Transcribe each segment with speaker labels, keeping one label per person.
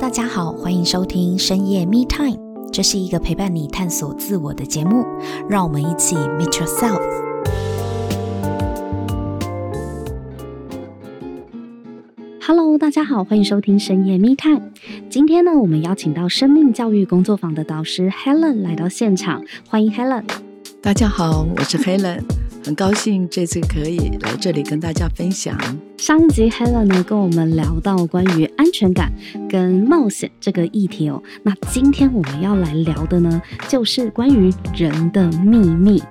Speaker 1: 大家好，歡迎收聽深夜 Meet Time，這是一個陪伴你探索自我的節目，讓我們一起 Meet Yourself。Hello，大家好，歡迎收聽深夜 Meet Time。今天呢，我們邀請到生命教育工作坊的導師 Helen 來到現場，歡迎 Helen。大家好，我是 Helen。 很高興這次可以來這裡跟大家分享。上一集 Helen 呢跟我們聊到關於安全感跟冒險這個議題哦，那今天我們要來聊的呢就是關於人的秘密。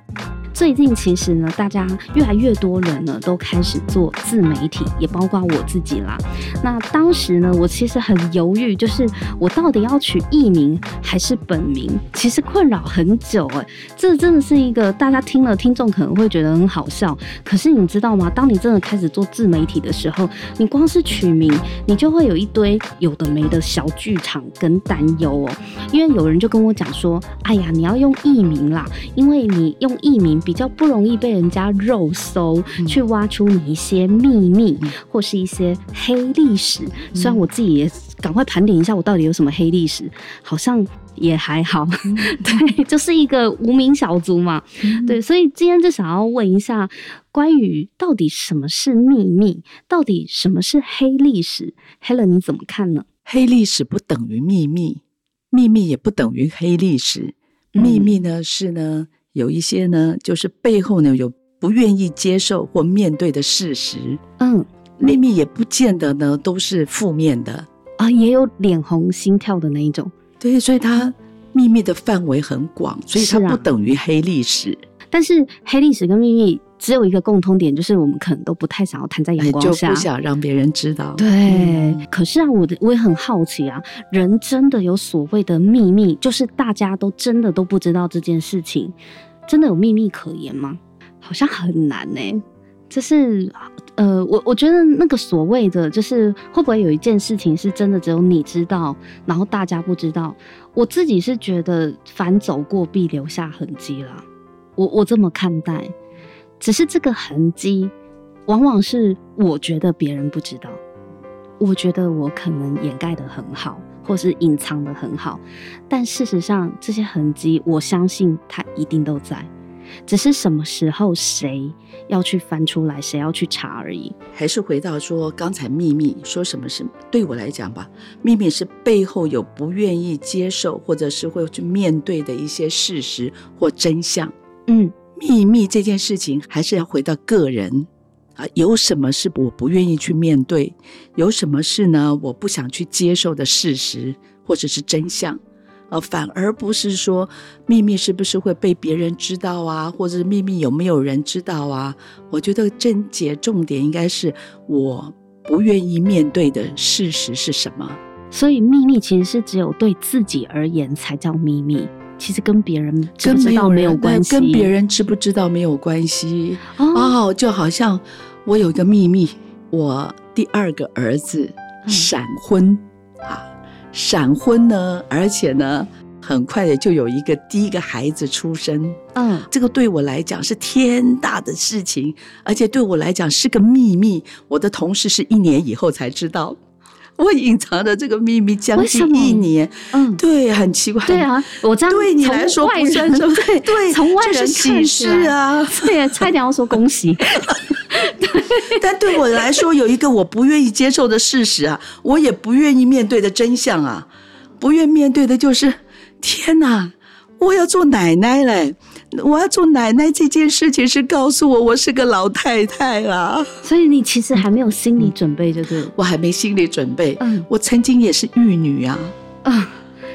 Speaker 1: 最近其實呢，大家越來越多人呢都開始做自媒體，也包括我自己啦。那當時呢，我其實很猶豫，就是我到底要取藝名還是本名，其實困擾很久欸。這真的是一個大家聽了聽眾可能會覺得很好笑，可是你知道嗎？當你真的開始做自媒體的時候，你光是取名，你就會有一堆有的沒的小劇場跟擔憂哦。因為有人就跟我講說，哎呀，你要用藝名啦，因為你用藝名。比較不容易被人家肉搜、嗯、去挖出你一些秘密、嗯、或是一些黑歷史。雖然我自己也趕快盤點一下我到底有什麼黑歷史，好像也還好。嗯、 對，就是一個無名小卒嘛、嗯。對，所以今天就想要問一下，關於到底什麼是秘密，到底什麼是黑歷史，Helen 你怎麼看呢？黑歷史不等於秘密，
Speaker 2: 秘密也不等於黑歷史。秘密呢是呢。嗯有一些呢，就是背後呢有不願意接受或面對的事實，嗯，秘密也不見得呢都是負面的啊，也有臉紅心跳的那一
Speaker 1: 種。對，所以它秘密的範圍很廣，所以它不等於黑歷史。是啊，但是黑歷史跟秘密。只有一個共通點，就是我們可能都不太想要攤在陽光下，就不想讓別人知道。對，嗯、可是啊，我的我也很好奇啊，人真的有所謂的秘密，就是大家都真的都不知道這件事情，真的有秘密可言嗎？好像很難誒、欸。就是，呃，我我覺得那個所謂的，就是會不會有一件事情是真的只有你知道，然後大家不知道？我自己是覺得，凡走過必留下痕跡了，我我這麼看待。只是這個痕迹，往往是我覺得別人不知道，我覺得我可能掩蓋得很好，或是隱藏得很好，但事實上這些痕迹，我相信它一定都在，只是什麼時候誰要去翻出來，誰要去查而已。還是回
Speaker 2: 到說剛才秘密說什麼？是對我來講吧，秘密是背後有不願意接受，或者是會去面對的一些事實或真相。嗯。秘密這件事情還是要回到個人啊、呃，有什麼是我不願意去面對，有什麼事呢我不想去接受的事實或者是真相啊、呃，反而不是說秘密是不是會被別人知道啊，或者是秘密有沒有人知道啊？我覺得症結重點應該是我
Speaker 1: 不願意面對的事實是什麼。所以秘密其實是只有對自己而言才叫秘密。其實跟別人知不知道沒有關係跟，跟別人
Speaker 2: 知不知道沒有關係哦，oh. Oh, 就好像我有一個秘密，我第二個兒子、oh. 閃婚啊，閃婚呢，而且呢，很快就有一個第一個孩子出生。嗯、oh.，這個對我來講是天大的事情，而且對我來講是個秘密。我的同事是一年以後才知道。我隱藏着這個秘密將近一年，嗯，
Speaker 1: 對，很奇怪，對啊，我這樣對你來說不算什麼，對，從外人看是喜事啊，對，差點要說恭喜， 但對我來說有
Speaker 2: 一個我不願意接受的事實啊，我也不願意面對的真相啊，不願面對的就是，天哪，我要做奶奶嘞。我要做奶奶這件事情是告訴我，我是個老太太啊。所以你其實還沒有心理準備？就、嗯、對、這個、我還沒心理準備。嗯，我曾經也是玉女啊，嗯，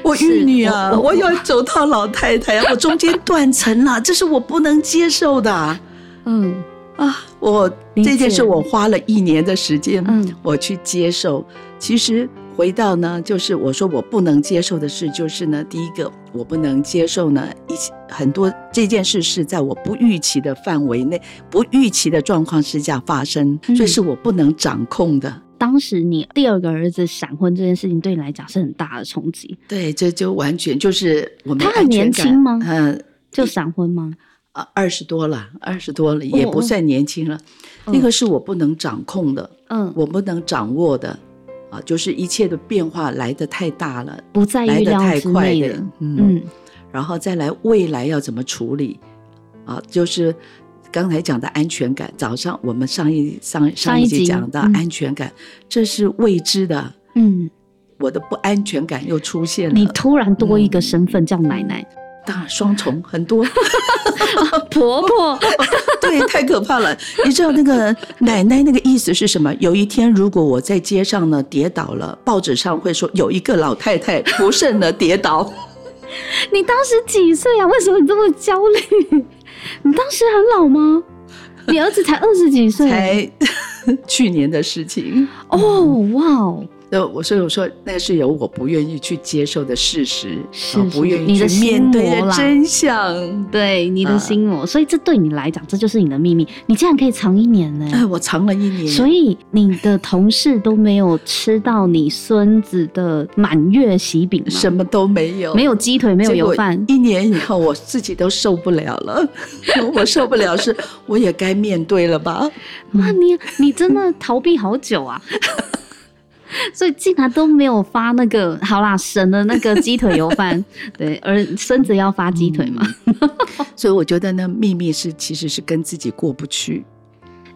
Speaker 2: 我玉女啊，我，我，我要走到老太太， 我中間斷層了，這是我不能接受的。嗯，啊，我這件事我花了一年的時間，嗯，我去接受，其實。回到呢，就是我說我不能接受的事，就是呢，第一個我不能接受呢，一起，很多這件事是在我不預期的範圍內，不預期的狀況之下發生，這、嗯、是我不能掌
Speaker 1: 控的。當時你第二個兒子閃婚這件事情對你來講是很大的衝擊，對，這就完全就是我們他很年輕嗎？嗯，就閃婚嗎？啊，
Speaker 2: 二十多了，二十多了也不算年輕了哦哦。那個是我不能掌控的，嗯，我不能掌握的。啊，就是一切的變化來的太大了，不
Speaker 1: 在意的來的太快了、嗯，嗯，
Speaker 2: 然後再來未來要怎麼處理？啊，就是剛才講的安全感，早上我們上一上上一集講到安全感、嗯，這是未知的，
Speaker 1: 嗯，
Speaker 2: 我的不安全感又出現了，你
Speaker 1: 突然多一個身份、嗯、叫奶奶。當然，雙重很多、 啊，婆婆， 對，太可怕了。你知道那個奶奶那個意思是什麼？有
Speaker 2: 一天，如果我在街上呢跌倒了，報紙上會說有一個老太太不慎的跌倒。
Speaker 1: 你當時幾歲啊？為什麼你這麼焦慮？你當時很老嗎？你兒子才二十幾歲， 才
Speaker 2: 去年的事情。哦，哇哦。那我所以我說，我說那是有我不願意去接受的事實，是是不願意去面對的真
Speaker 1: 相，對你的心我魔、啊。所以這對你來講，這就是你的秘密。你竟然可以藏一年呢？哎，我藏了一年。所以你的同事都沒有吃到你孫子的滿月喜餅， 什麼都沒有，沒有雞腿，沒有油飯。
Speaker 2: 一年以後，我自己都受不了了。 我受不了是，我也該面對了吧？哇、嗯，你你真的逃避好
Speaker 1: 久啊。 所以竟然都沒有發那個好啦，生的那個雞腿油飯， 對，而孫子要發雞腿嘛。 所以我覺得呢，秘
Speaker 2: 密是其實是跟自己過不去。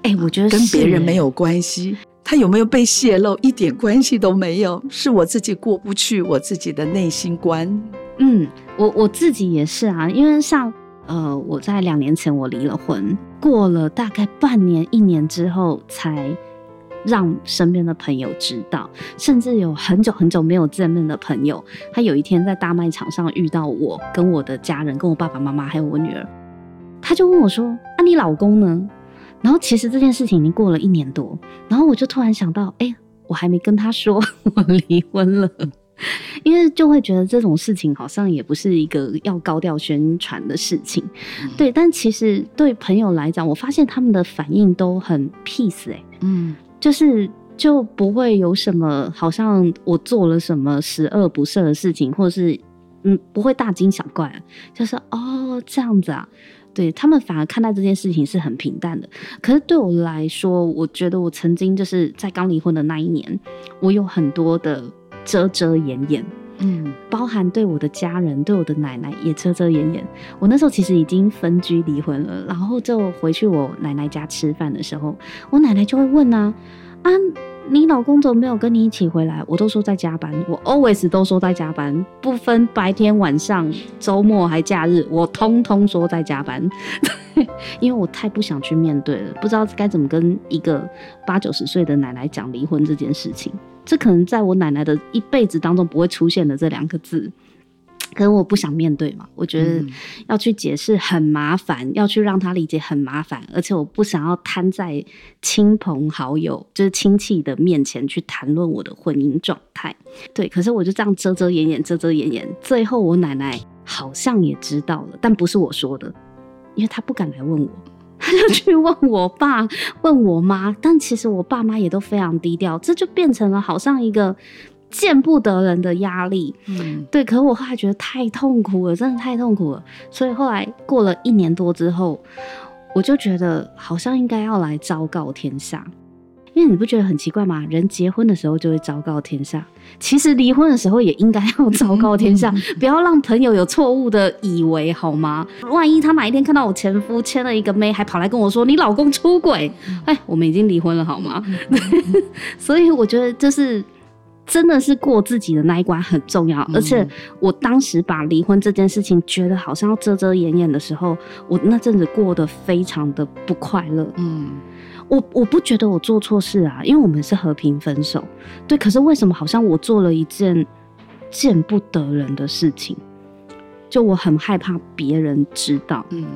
Speaker 2: 哎、欸，我覺得是跟別人沒有關係，他有沒有被洩露一點關係都沒有，是我自己過不去我自己的內心
Speaker 1: 關。嗯，我我自己也是啊，因為像呃，我在兩年前我離了婚，過了大概半年一年之後才。讓身邊的朋友知道，甚至有很久很久沒有見面的朋友，他有一天在大賣場上遇到我，跟我的家人，跟我爸爸媽媽，還有我女兒，他就問我說：“啊，你老公呢？”然後其實這件事情已經過了一年多，然後我就突然想到，哎，我還沒跟他說我離婚了，因為就會覺得這種事情好像也不是一個要高調宣傳的事情，對。但其實對朋友來講，我發現他們的反應都很 peace，哎、欸，嗯。就是就不會有什麼，好像我做了什麼十惡不赦的事情，或者是，嗯，不會大驚小怪啊，就是哦，這樣子啊，對，他們反而看待這件事情是很平淡的。可是對我來說，我覺得我曾經就是在剛離婚的那一年，我有很多的遮遮掩掩。嗯，包含對我的家人，對我的奶奶也遮遮掩掩。我那時候其實已經分居離婚了，然後就回去我奶奶家吃飯的時候，我奶奶就會問啊啊，你老公怎麼沒有跟你一起回來？我都說在加班，我 always 都說在加班，不分白天晚上，周末還假日，我通通說在加班，對，因為我太不想去面對了，不知道該怎麼跟一個八九十歲的奶奶講離婚這件事情。這可能在我奶奶的一輩子當中不會出現的這兩個字，可能我不想面對嘛，我覺得要去解釋很麻煩，要去讓她理解很麻煩，而且我不想要攤在親朋好友，就是親戚的面前去談論我的婚姻狀態。對，可是我就這樣遮遮掩掩，遮遮掩掩，最後我奶奶好像也知道了，但不是我說的，因為她不敢來問我。他就去問我爸，問我媽，但其實我爸媽也都非常低調，這就變成了好像一個見不得人的壓力。嗯，對。可我後來覺得太痛苦了，真的太痛苦了。所以後來過了一年多之後，我就覺得好像應該要來昭告天下。因為你不覺得很奇怪嗎？人結婚的時候就會昭告天下，其實離婚的時候也應該要昭告天下， 不要讓朋友有錯誤的以為，好嗎？萬一他哪一天看到我前夫牽了一個妹，還跑來跟我說你老公出軌，哎， 我們已經離婚了，好嗎？ 所以我覺得就是。真的是過自己的那一關很重要，嗯，而且我當時把離婚這件事情覺得好像要遮遮掩掩的時候，我那陣子過得非常的不快樂。嗯，我我不覺得我做錯事啊，因為我們是和平分手，對。可是為什麼好像我做了一件見不得人的事情，就我很害怕別人知道。嗯。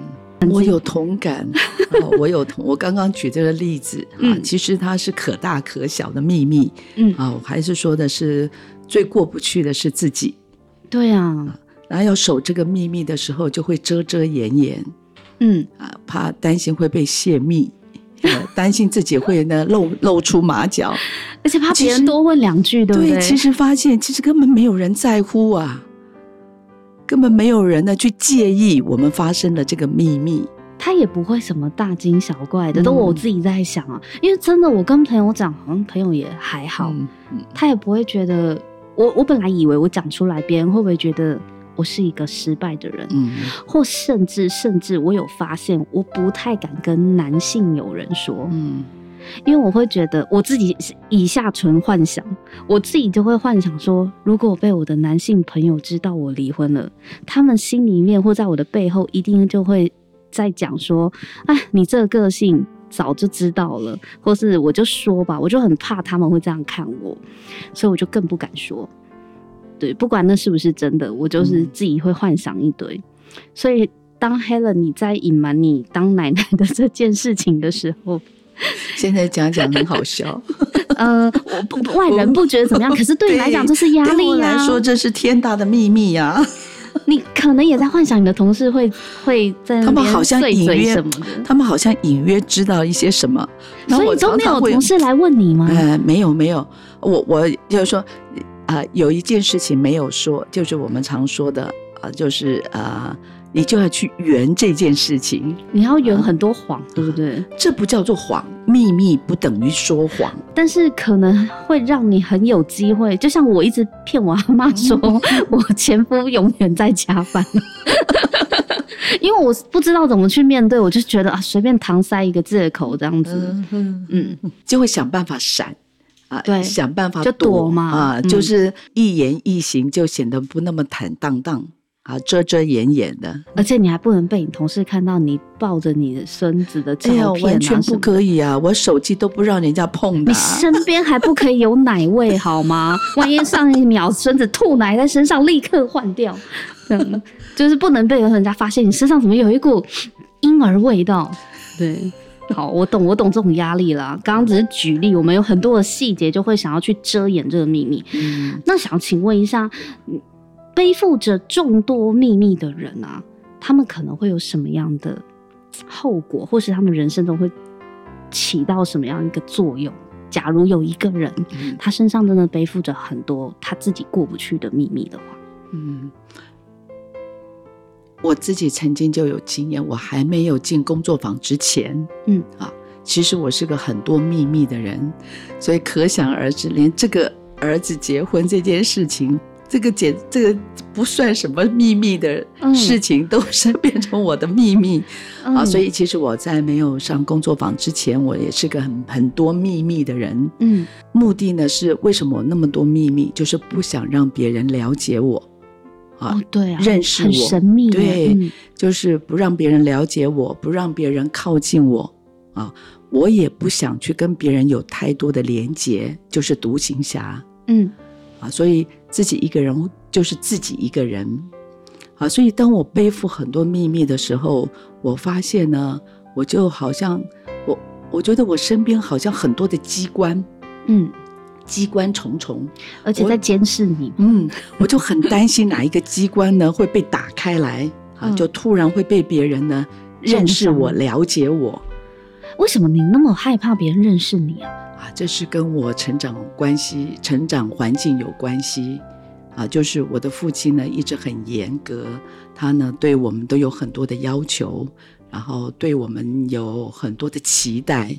Speaker 1: 我有
Speaker 2: 同感， 哦、我有同，我剛剛舉這個例子啊，其實它是可大可小的秘密，嗯啊，我還是說的是最過不去的是自己，對啊，然後要守這個秘密的時候就會遮遮掩掩，嗯啊，怕擔心會被泄密，呃、擔心自己會呢 露露出馬腳，而且怕別人多問兩句，對,對不對，其實發現其實根本沒有人在乎啊。
Speaker 1: 根本沒有人呢去介意我們發生了這個秘密，他也不會什麼大驚小怪的。都我自己在想啊，嗯、因為真的我跟朋友講，好像朋友也還好，嗯，他也不會覺得我。我本來以為我講出來，別人會不會覺得我是一個失敗的人？嗯，或甚至甚至，我有發現，我不太敢跟男性友人說。嗯。因為我會覺得我自己是以下純幻想，我自己就會幻想說，如果被我的男性朋友知道我離婚了，他們心裡面或在我的背後一定就會在講說，啊、哎，你這個個性早就知道了，或是我就說吧，我就很怕他們會這樣看我，所以我就更不敢說。對，不管那是不是真的，我就是自己會幻想一堆，嗯。所以當 Helen 你在隱瞞你當奶奶的這件事情的時候。現在講講很好笑，嗯、 呃，我不，不，不外人不覺得怎麼樣，可是對你來講這是壓力呀、啊，對你來說這是天大的秘密呀、啊。 你可能也在幻想你的同事會會在那邊碎嘴什麼他們，
Speaker 2: 他們好像隱約知道一些什麼，常常所以都沒有同事來問你嗎？呃、嗯，沒有沒有，我我就是說，啊、呃，有一件事情沒有說，就是我們常說的，啊、呃，就是啊。呃你就要去圓這件事情，你要圓很多謊、啊，對不對？這不叫做謊，秘密不等於說謊，
Speaker 1: 但是可能會讓你很有機會。就像我一直騙我阿媽，媽說、嗯，我前夫永遠在加班， 因為我不知道怎麼去面對，我就覺得啊，隨便搪塞一個借口這樣子。嗯，嗯，就會想辦法閃啊，對，想辦法躲，就躲嘛，啊、嗯，就是
Speaker 2: 一言一行就顯得不那麼坦蕩蕩。啊，遮遮掩掩的，
Speaker 1: 而且你還不能被你同事看到你抱
Speaker 2: 着你的孫子的照片、哎，完全不可以啊！我手機都不讓人家碰的、啊。你身
Speaker 1: 邊還不可以有奶味 好嗎？萬一上一秒孫 子吐奶在身上，立刻換掉、嗯。就是不能被人家發現你身上怎麼有一股嬰兒味道。對，好，我懂，我懂這種壓力了。剛剛只是舉例，我們有很多的細節就會想要去遮掩這個秘密。嗯，那想請問一下。背負着眾多祕密的人啊，他們可能會有什麼樣的後果，或是他們人生中會起到什麼樣一個作用？假如有一個人，嗯，他身上真的背負着很多他自己過不去的秘密的話，嗯，我自己曾經就有經驗，我還沒有進
Speaker 2: 工作坊之前，嗯啊，其實我是個很多秘密的人，所以可想而知，連這個兒子結婚這件事情。這個解，這個不算什麼秘密的事情，都是變成我的秘密、嗯、啊。所以，其實我在沒有上工作坊之前，我也是個很很多秘密的人。嗯，目的呢是為什麼那麼多秘密？就是不想讓別人了解我啊、哦，
Speaker 1: 對啊，認識我，很神秘對、嗯，
Speaker 2: 就是不讓別人了解我，不讓別人靠近我啊。我也不想去跟別人有太多的連接，就是獨行俠。嗯，啊，所以。自己一個人就是自己一個人，啊，所以當我背負很多秘密的時候，我發現呢，我就好像我，我覺得我身邊好像很多的機關，嗯，機關重重，而且在監視你，嗯，我就很擔心哪一個機關呢 會被打開來，啊，就突然會被別人呢、嗯、
Speaker 1: 認識我、
Speaker 2: 了解我。
Speaker 1: 為什麼你那麼害怕別人認識你啊？啊，這是跟我
Speaker 2: 成長關係、成長環境有關係，啊，就是我的父親呢一直很嚴格，他呢對我們都有很多的要求，然後對我們有很多的期待，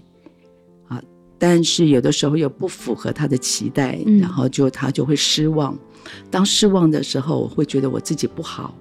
Speaker 2: 啊，但是有的時候又不符合他的期待，嗯，然後就他就會失望。當失望的時候，我會覺得我自己不好。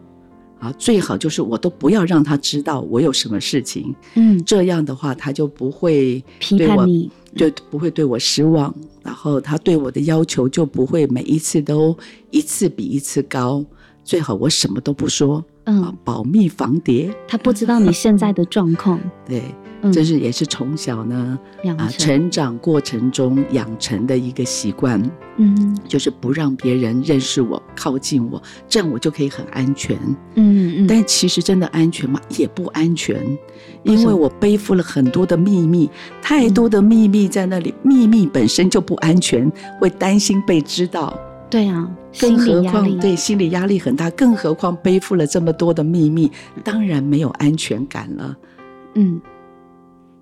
Speaker 2: 啊，最好就是我都不要讓他知道我有什麼事情，嗯，這樣的話他就不會對我批判你，就不會對我失望，然後他對我的要求就不會每一次都一次比一次高。最好我什麼都不說，嗯，保密防諜，
Speaker 1: 他不知道你現在的狀況，
Speaker 2: 對。嗯、這是也是從小呢啊成長過程中養成的一個習慣，嗯，就是不讓別人認識我、靠近我，這樣我就可以很安全，嗯、嗯，但其實真的安全嗎？也不安全，
Speaker 1: 因為我
Speaker 2: 背負了很多的秘密，哦、太多的秘密在那裡、嗯，秘密本身就不安全，會擔心被知道。對呀、啊，更何況心對心理壓力很大，更何況背負了這麼多的秘密，當然沒有安全感了，嗯。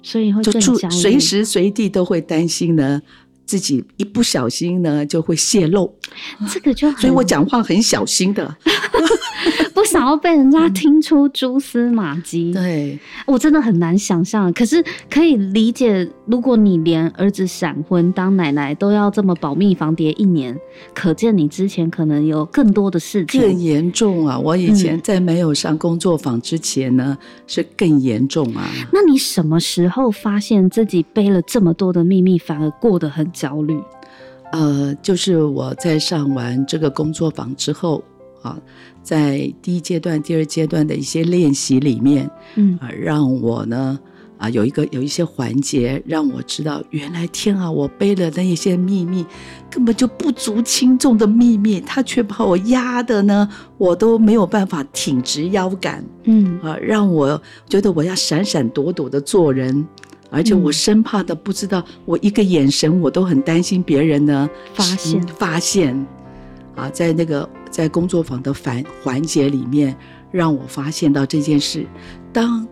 Speaker 1: 所以，以後就就隨時
Speaker 2: 隨地都會擔心呢，自己一不小心呢就會洩露，
Speaker 1: 這個就，所以我
Speaker 2: 講話很小心的。
Speaker 1: 不想要被人家聽出蛛絲馬跡。對，我真的很難想象。可是可以理解，如果你連兒子閃婚當奶奶都要這麼保密防諜一年，可見你之前可能有更多的事情。更
Speaker 2: 嚴重啊！我以前在沒有上工作坊之前呢，嗯、是更嚴重啊。
Speaker 1: 那你什麼時候發現自己背了這麼多的秘密，反而過得很焦慮？呃，就是我在上完這個工作坊之後啊。
Speaker 2: 在第一階段、第二階段的一些練習裡面，嗯啊，讓我呢啊有一個有一些環節，讓我知道原來天啊，我背了那一些秘密，根本就不足輕重的秘密，他卻把我壓的呢，我都沒有辦法挺直腰桿，嗯啊，讓我覺得我要閃閃躲躲的做人，而且我生怕的不知道，嗯，我一個眼神，我都很擔心別人呢發現、嗯、發現，啊，在那個。在工作坊的環環節裡面，讓我發現到這件事。當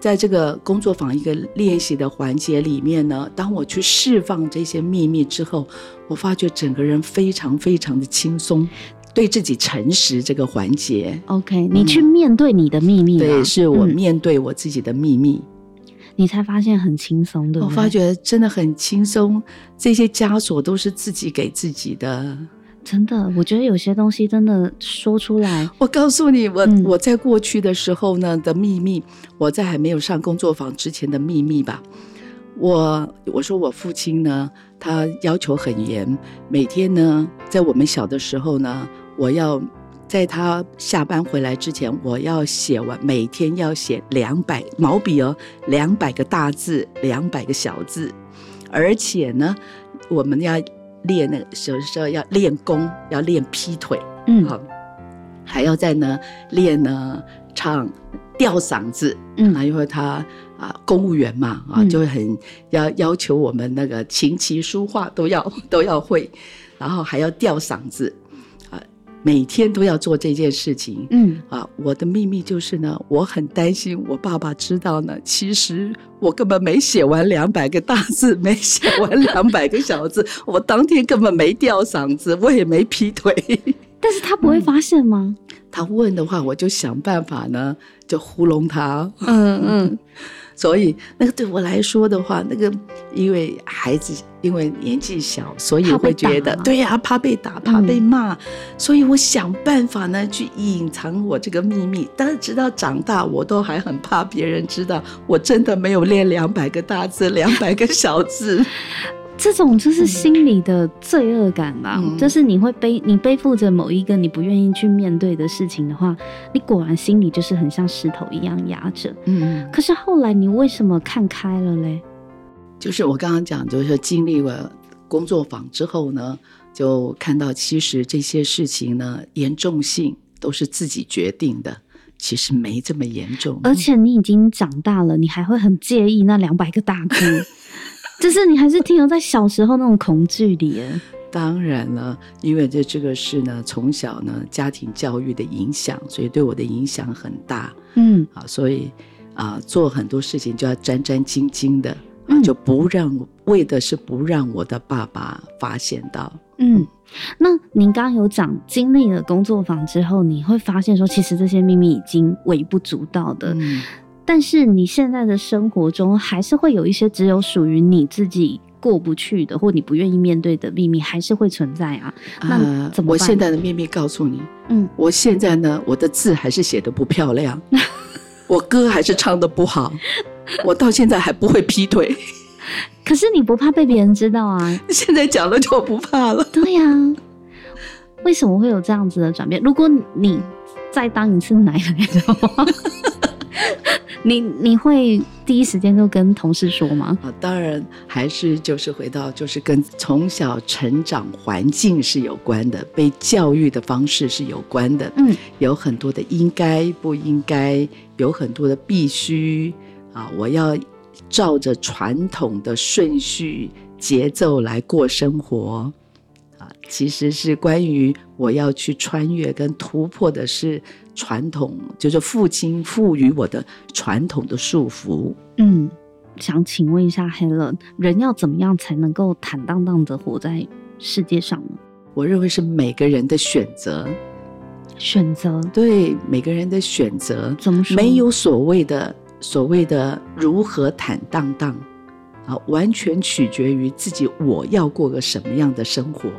Speaker 2: 在這個工作坊一個練習的環節裡面呢，當我去釋放這些秘密之後，我發覺整個人非常非常的輕鬆。對自己誠實這個環節
Speaker 1: ，OK，嗯、你去
Speaker 2: 面對你的秘密，對，是我面對我自己的秘密，嗯、
Speaker 1: 你才發現很輕鬆，對，對，我發覺真的很輕鬆，這些枷鎖都是自己給自己的。真的，我覺得有些東西真的說出
Speaker 2: 來。我告訴你，我、嗯、我在過去的時候呢的秘密，我在還沒有上工作坊之前的秘密吧。我我說我父親呢，他要求很嚴，每天呢，在我們小的時候呢，我要在他下班回來之前，我要寫完，每天要寫兩百毛筆哦，兩百個大字，兩百個小字，而且呢，我們要。練那個，有的時候要練功，要練劈腿，嗯，好，還要在呢練呢唱吊嗓子，嗯，因為他啊公務員嘛啊，就會很要要求我們那個琴棋書畫都要都要會，然後還要吊嗓子。每天都要做這件事情，嗯啊，我的秘密就是呢，我很擔心我爸爸知道呢。其實我根本沒寫完兩百個大字，沒寫完兩百個小字， 我當天根本沒吊嗓子，我也沒劈腿。
Speaker 1: 但是他不會發現嗎？嗯，
Speaker 2: 他問的話，我就想辦法呢，就糊弄他。嗯嗯， 所以那個對我來說的話，那個因為孩子因為年紀小，所以會覺得對呀、啊，怕被打，怕被罵，嗯，所以我想辦法呢去隱藏我這個秘密。但是直到長大，我都還很怕別人知道，我真的沒有練兩百個大字，兩百個小字。 這種就是
Speaker 1: 心理的罪惡感吧，啊，嗯，就是你會背你背負着某一個你不願意去面對的事情的話，你果然心裡就是很像石頭一樣壓着。嗯，可是後來你為什麼看開了嘞？
Speaker 2: 就是我剛剛講，就是經歷了工作坊之後呢，就看到其實這些事情呢，嚴重性都
Speaker 1: 是自己決定的，其實沒這麼嚴重。而且你已經長大了，你還會很介意那兩百個大哥？ 只是你還是停留在小時候那種恐懼
Speaker 2: 裡，當然了，因為這這個事呢，從小呢家庭教育的影響，所以對我的影響很大，嗯，啊，所以啊做很多事情就要戰戰兢兢的、啊嗯，就不讓為的是不讓我的爸爸發現到，
Speaker 1: 嗯，嗯那您剛，剛有講經歷了工作坊之後，你會發現說，其實這些秘密已經微不足道的。嗯但是，你現在的生活中還是會有一些只有屬於你自己過不去的，或你不願意面對的秘密，還是會存在啊。呃、那怎麼辦？我現在的秘密告訴你，嗯，我現
Speaker 2: 在呢，我的字還是寫得不漂亮， 我歌還是唱得不好，
Speaker 1: 我到現在還不會劈腿。 可是你不怕被別人知道啊？現在講了就不怕了。對呀。啊，為什麼會有這樣子的轉變？如果你再當一次奶奶的話。 你你會
Speaker 2: 第一時間就跟同事說嗎？啊，當然，還是就是回到就是跟從小成長環境是有關的，被教育的方式是有關的。嗯，有很多的應該不應該，有很多的必須啊，我要照着傳統的順序節奏來過生活啊，其實是關於我要去穿越跟突破的事。傳統就是父親賦予我的傳統的束縛。
Speaker 1: 嗯，想請問一下 Helen，人要怎麼樣才能夠坦蕩蕩的活在世界上呢？
Speaker 2: 我認為是每個人的選擇，
Speaker 1: 選擇
Speaker 2: 對每個人的選擇。怎麼說？沒有所謂的所謂的如何坦蕩蕩啊，完全取決於自己，我要過個什麼樣的生活。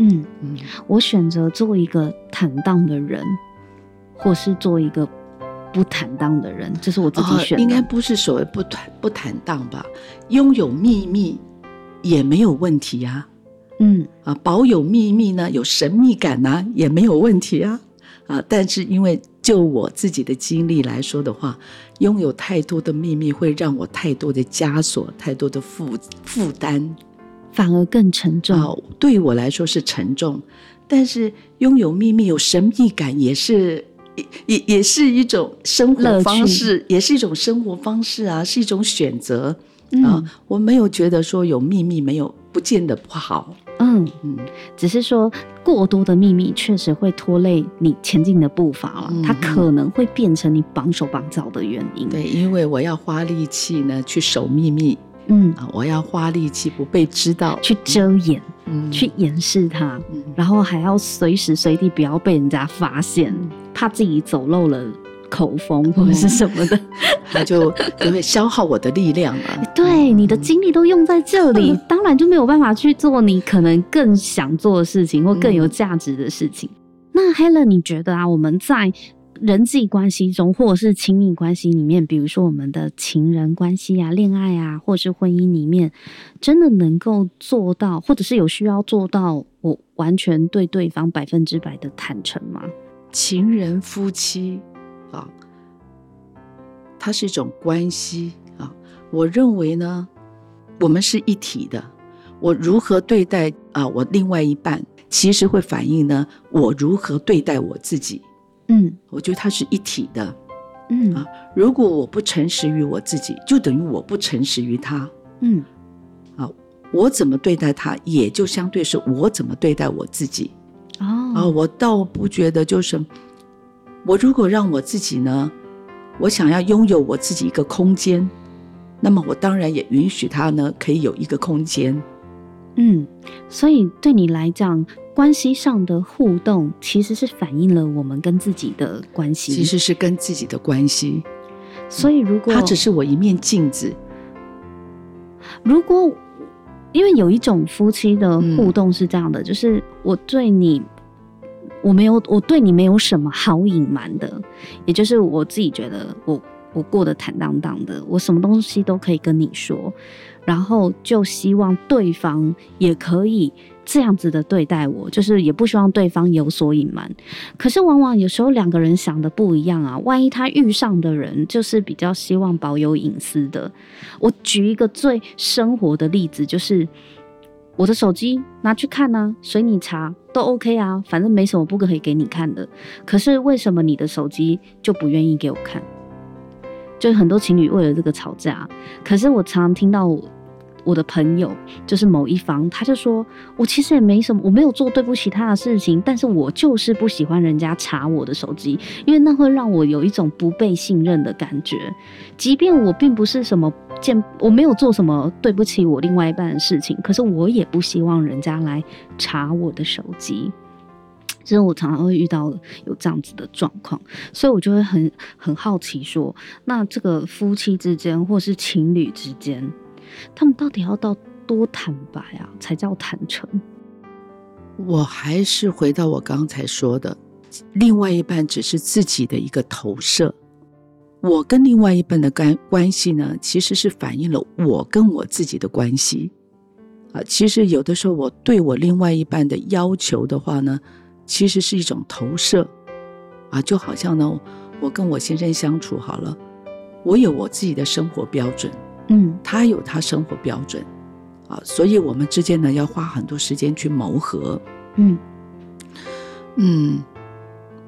Speaker 2: 嗯
Speaker 1: 嗯，我選擇做一個坦蕩的人。或是做一個不坦蕩的人，這是我自己選的、哦。應該不是
Speaker 2: 所謂不坦不坦蕩吧？擁有秘密也沒有問題呀、啊。嗯，啊，保有秘密呢，有神秘感呢、啊，也沒有問題啊。啊，但是因為就我自己的經歷來說的話，擁有太多的秘密會讓我太多的枷鎖，太多的負負擔，反而更沉重。啊，對我來說是沉重，但是擁有秘密有神秘感也是。也也是一種生活方式，也是一種生活方式啊，是一種選擇嗯、啊，我沒有覺得說有秘密沒有，不見得不好。嗯
Speaker 1: 嗯，只是說過多的秘密確實會拖累你前進的步伐了、啊嗯，它可能會變成你綁手綁腳的原因。對，因為我要花力氣呢去守秘密，嗯，啊、我要花力氣不被知道，去遮掩，嗯、去掩飾它、嗯，然後還要隨時隨地不要被人家發現。怕自己走漏了口風或者是什麼的， 那就有點消耗我的力量嘛、啊。 對，你的精力都用在這裡、嗯，當然就沒有辦法去做你可能更想做的事情或更有價值的事情、嗯。那 Helen，你覺得啊，我們在人際關係中，或者是親密關係裡面，比如說我們的情人關係啊、戀愛啊，或者是婚姻裡面，真的能夠做到，或者是有需要做到，我完全對對方百分之百的坦誠嗎？情人夫妻，啊，它是一種關係
Speaker 2: 啊。我認為呢，我們是一體的。我如何對待啊，我另外一半，其實會反映呢，我如何對待我自己。嗯，我覺得它是一體的。嗯啊，如果我不誠實於我自己，就等於我不誠實於他。嗯，啊，我怎麼對待他，也就相對是我怎麼對待我自己。哦，哦，我倒不覺得，就是我如果讓我自己呢，我想要擁有我自己一個空間，那麼我當然也允許他呢，可以有一個空間。
Speaker 1: 嗯，所以對你來講，關係上的互動其實是反映了我們跟自己的關係，其實是跟自己的關係。嗯，所以如果他只是我一面鏡子，如果因為有一種夫妻的互動是這樣的，嗯，就是。我對你，我沒有，我對你沒有什麼好隱瞞的，也就是我自己覺得我，我我過得坦蕩蕩的，我什麼東西都可以跟你說，然後就希望對方也可以這樣子的對待我，就是也不希望對方有所隱瞞。可是往往有時候兩個人想的不一樣啊，萬一他遇上的人就是比較希望保有隱私的，我舉一個最生活的例子就是。我的手機拿去看呢、啊，隨你查都 OK 啊，反正沒什麼不可以給你看的。可是為什麼你的手機就不願意給我看？就很多情侶為了這個吵架。可是我常常聽到我。我的朋友就是某一方，他就說我其實也沒什麼，我沒有做對不起他的事情，但是我就是不喜歡人家查我的手機，因為那會讓我有一種不被信任的感覺。即便我並不是什麼見，我沒有做什麼對不起我另外一半的事情，可是我也不希望人家來查我的手機。所以我常常會遇到有這樣子的狀況，所以我就會很很好奇說，那這個夫妻之間或是情侶之間。他們到底要到多坦白啊，才叫坦誠？
Speaker 2: 我還是回到我剛才說的，
Speaker 1: 另外一半
Speaker 2: 只是自己的一個投射。我跟另外一半的關關係呢，其實是反映了我跟我自己的關係。啊，其實有的時候我對我另外一半的要求的話呢，其實是一種投射。啊，就好像呢，我跟我先生相處好了，我有我自己的生活標準。嗯，他有他生活標準，啊，所以我們之間呢，要花很多時間去磨合。嗯，嗯，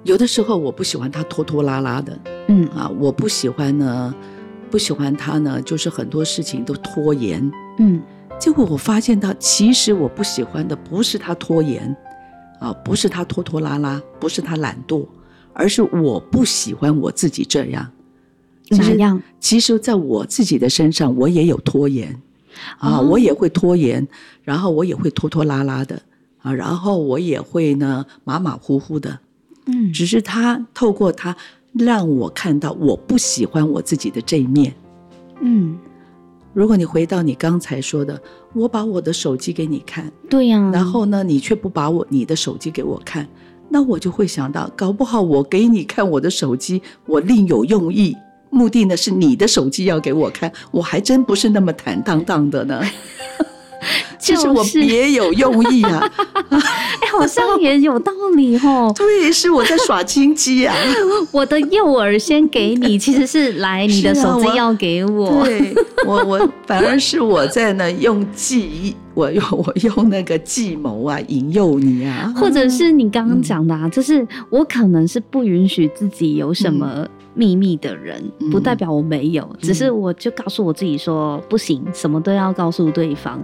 Speaker 2: 有的時候我不喜歡他拖拖拉拉的，嗯啊，我不喜歡呢，不喜歡他呢，就是很多事情都拖延。嗯，結果我發現他其實我不喜歡的不是他拖延，啊，不是他拖拖拉拉，不是他懶惰，而是我不喜歡我自己這樣。其實，其實在我自己的身上，我也有拖延，啊，我也會拖延，然後我也會拖拖拉拉的，啊，然後我也會呢馬馬虎虎的，嗯，只是他透過他讓我看到我不喜歡我自己的這一面，嗯，如果你回到你剛才說的，我把我的手機給你看，對呀，然後呢，你卻不把我你的手機給我看，那我就會想到，搞不好我給你看我的手機，我另有用意。目的呢是你的手機要給我看，我還真不是那麼坦蕩蕩的呢。其、就、實、是、我別有用
Speaker 1: 意啊。哎、 欸，好像也有道理哦。對，是我在耍心機啊。 我的誘餌先給你，其實是來你的手機要給我。
Speaker 2: 啊、我對，我我反而是我在呢用記憶。我用我用那個計
Speaker 1: 謀啊，引誘你啊，或者是你剛剛講的啊、嗯，就是我可能是不允許自己有什麼秘密的人，嗯、不代表我沒有，嗯、只是我就告訴我自己說、嗯、不行，什麼都要告訴對方，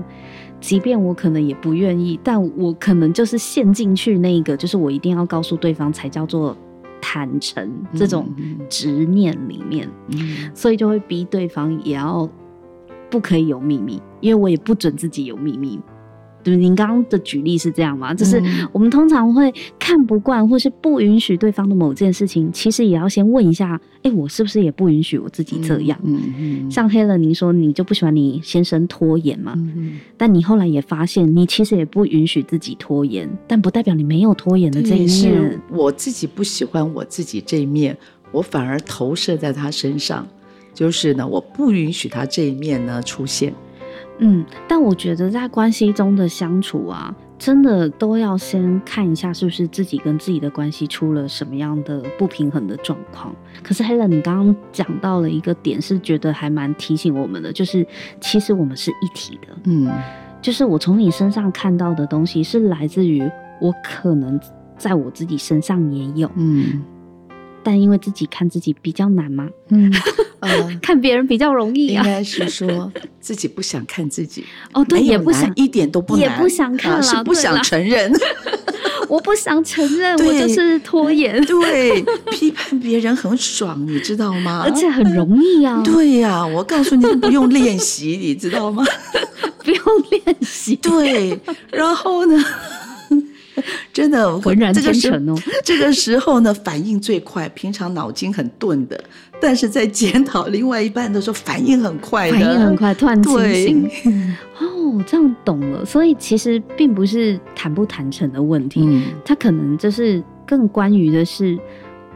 Speaker 1: 即便我可能也不願意，但我可能就是陷進去那個，就是我一定要告訴對方才叫做坦誠、嗯、這種執念裡面、嗯，所以就會逼對方也要，不可以有秘密，因為我也不准自己有秘密，對，您剛剛的舉例是這樣嗎、嗯？就是我們通常會看不慣或是不允許對方的某件事情，其實也要先問一下：哎，我是不是也不允許我自己這樣？嗯嗯嗯、像 Helen，您說你就不喜歡你先生拖延嘛、嗯？但你後來也發現，你其實也不允許自己拖延，但不代表你沒有拖延的這一面。是
Speaker 2: 我自己不喜歡我自己這一面，我反而投射在他身上。就是呢，我不允許他
Speaker 1: 這一面呢出現。嗯，但我覺得在關係中的相處啊，真的都要先看一下是不是自己跟自己的關係出了什麼樣的不平衡的狀況。可是 Helen，你剛剛講到了一個點，是覺得還蠻提醒我們的，就是其實我們是一體的。嗯，就是我從你身上看到的東西，是來自於我可能在我自己身上也有。嗯。但因為自己看自己比較難嘛，嗯，呃、看別人比較容易、啊。應該是說自己不想看自己。哦，對，也不想，一點都不難，也不想看了，啊、是不想承認。 我不想承認，我就是
Speaker 2: 拖延對。對，批判別人很爽，你知道嗎？而且很容易啊。對呀、啊，我告訴你，不用練習，你知道嗎？ 不用練習。對，然後呢？真的，渾然天成哦、這個。這個時候呢，反應最快。平常腦筋很鈍的，但是在檢討，另外一半都說反應很快的，反應很快，對突然清醒、
Speaker 1: 嗯。哦，這樣懂了。所以其實並不是坦不坦誠的問題，他、嗯、可能就是更關於的是，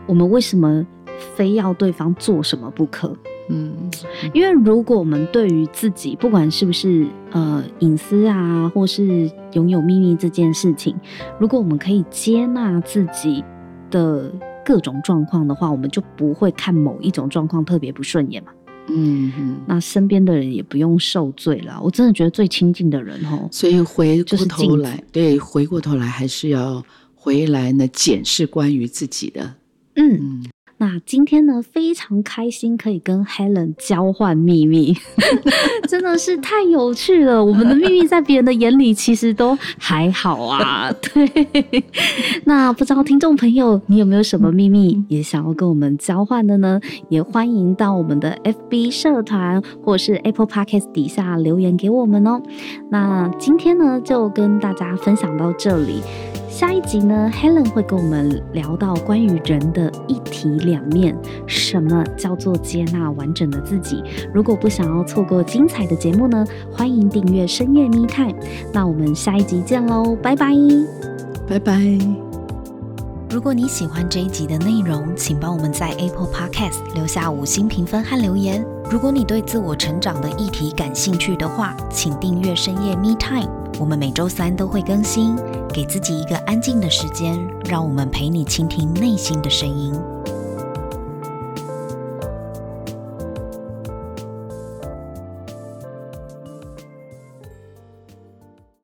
Speaker 1: 我們為什麼非要對方做什麼不可？嗯，因為如果我們對於自己，不管是不是呃隱私啊，或是擁有，有秘密這件事情，如果我們可以接納自己的各種狀況的話，我們就不會看某一種狀況特別不順眼嘛。嗯哼，那身邊的人也不用受罪了。我真的覺得最親近的人哦。所以回過頭來，就
Speaker 2: 是、對，回過頭來還是要回來呢，檢視關於自己的。
Speaker 1: 嗯。嗯那今天呢，非常開心可以跟 Helen 交換秘密， 真的是太有趣了。我們的秘密在別人的眼裡其實都還好啊。對， 那不知道聽眾朋友，你有沒有什麼秘密、嗯、也想要跟我們交換的呢？也歡迎到我們的 FB 社團或是 Apple Podcast 底下留言給我們哦。那今天呢，就跟大家分享到這裡。下一集呢，Helen 會跟我們聊到關於人的一體兩面，什麼叫做接納完整的自己。如果不想要錯過精彩的節目呢，歡迎訂閱深夜 Me Time。那我們下一集見嘍，拜拜！拜拜！如果你喜歡這一集的內容，請幫我們在 Apple Podcast 留下五星評分和留言。如果你對自我成長的議題感興趣的話，請訂閱深夜 Me Time。我們每周三都會更新，給自己一個安靜的時間，讓我們陪你傾聽內心的聲音。